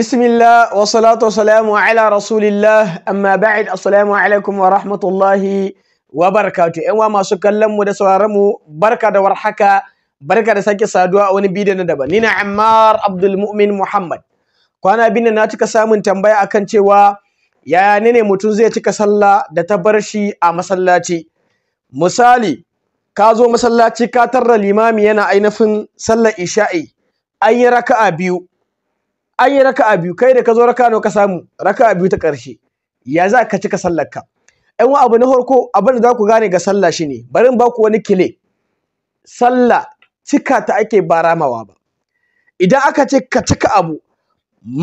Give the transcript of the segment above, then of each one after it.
Bismillah wa salatu wa salamu ala rasulillah amma ba'id assalamu alaikum wa rahmatullahi wa barakatuh yan masu kallon mu da sauraron mu barka da warhaka barka da sake saduwa a wani bidiyo na daban ni na Ammar Abdul Muhammad kwana biyu na cika samun tambaya akan cewa yaya ne ne mutum zai cika sallah da ta bar shi a masallaci misali ka zo masallaci ka tarra limami yana ainihin sallar isha'i an yi raka'a biyu an yi raka'a biyu kai da ka zo raka'a nawa ka samu raka'a biyu ta ƙarshe ya za ka cika sallarka ɗan abu na farko abin da za ku gane ga sallah shine barin ba ku wani kile sallah cika ta ake ba ba idan aka ce ka cika abu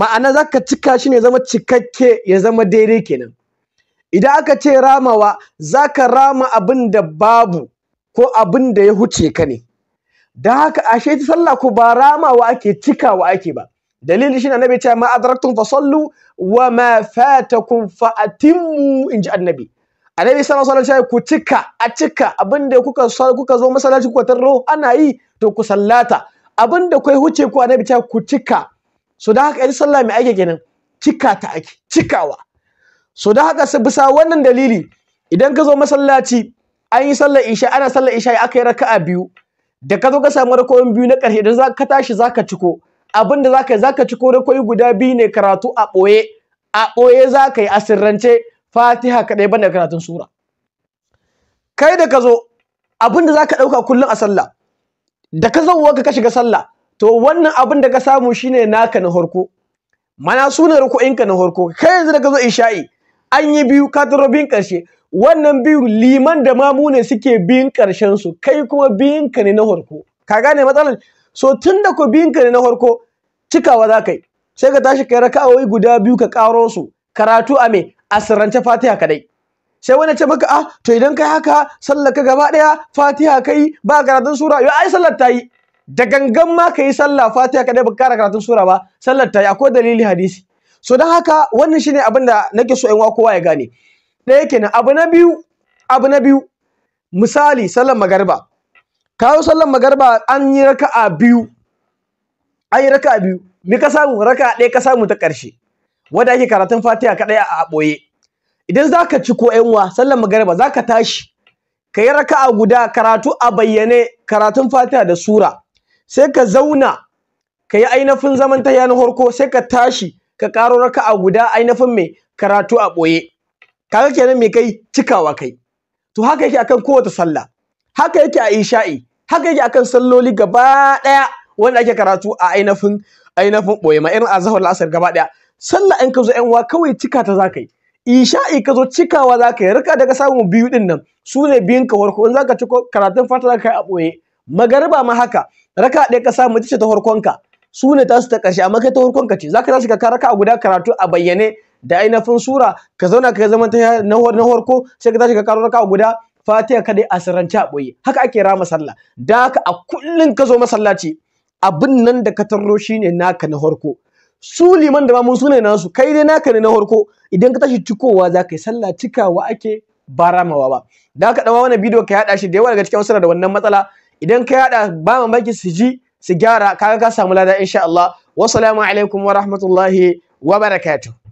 ma'ana za ka cika shi ne zama cikakke ya zama daidai kenan idan aka ce ramawa za ka rama abin da babu ko abin da ya huce ka ne da haka ashe ta sallah ko ba ramawa ake cikawa ake ba dalili shine annabi ce ma adraktum fasallu. wa ma fatakum fa atimmu inji annabi annabi sallallahu alaihi ku cika a cika abinda kuka kuka zo masallaci kuka tarro ana yi to ku sallata abinda kai huce ku annabi ce ku cika so da haka yi sallah mai ake kenan cika ta ake cikawa so da haka bisa wannan dalili idan ka zo masallaci an yi sallar isha ana sallar isha aka yi raka'a biyu da ka zo ka samu raka'a biyu na ƙarshe idan ka tashi za ka ciko abin da zaka zaka ci kore koi guda biyu ne karatu a ɓoye a ɓoye zaka yi a sirrance fatiha kaɗai banda karatun sura kai da ka zo abin da zaka ɗauka kullum a sallah da ka zauwa ka shiga sallah to wannan abin da ka samu shine naka na harko mana sunan ka na harko kai yanzu da ka zo isha'i an yi biyu ka turo biyun ƙarshe wannan biyu liman da mamu ne suke biyun karshen su kai kuma biyun ka ne na harko ka gane matsalar so tun da ku biyun ka ne na farko cikawa za ka yi sai ka tashi kai raka'o'i guda biyu ka karo su karatu a me asirance fatiha kadai sai wani ce maka ah to idan kai haka sallar ka gaba daya fatiha kai ba karatun sura yo ai sallar ta yi da gangan ma ka yi sallah fatiha kadai ba kara karatun sura ba sallar ta yi akwai dalili hadisi so don haka wannan shine abin da nake so in kowa ya gane ɗaya kenan abu na biyu abu na biyu misali sallar magariba kawo sallar magarba an yi raka'a biyu an yi raka'a biyu me ka samu raka'a ɗaya ka samu ta ƙarshe wanda ake karatun fatiha kaɗai a ɓoye idan za ka ci ko yanwa sallar magarba za ka tashi ka yi raka'a guda karatu a bayyane karatun fatiha da sura sai ka zauna ka yi ainihin zaman ta yanar harko sai ka tashi ka karo raka'a guda ainihin mai karatu a ɓoye kaga kenan me kai cikawa kai to haka yake akan kowace sallah haka yake a isha'i haka yake akan salloli gaba daya wanda ake karatu a ainafin ainafin boye ma irin azhar al'asr gaba daya sallah in ka zo yan wa kawai cika ta zakai yi isha'i ka zo cikawa zakai yi rika daga samu biyu din nan su biyun ka farko in zaka ci karatun fata zaka a boye magariba ma haka raka ɗaya ka samu ita ta farkon ka su ne tasu ta ƙarshe amma kai ta farkon ka ce zaka tashi ka raka guda karatu a bayyane da ainafin sura ka zauna ka zama ta na farko sai ka tashi ka karo raka guda fatiha kadai a sirrance a boye haka ake rama sallah da haka a kullun ka zo masallaci abin nan da ka tarro ne naka na farko su liman da mamun sune nasu kai dai naka ne na farko idan ka tashi cikowa za ka yi sallah cikawa ake ba ramawa ba da haka dawa wannan bidiyo ka yada shi da yawa daga cikin wasu da wannan matsala idan ka yaɗa, ba mamaki su ji su gyara kaga ka samu lada insha Allah wassalamu alaikum wa rahmatullahi wa barakatuh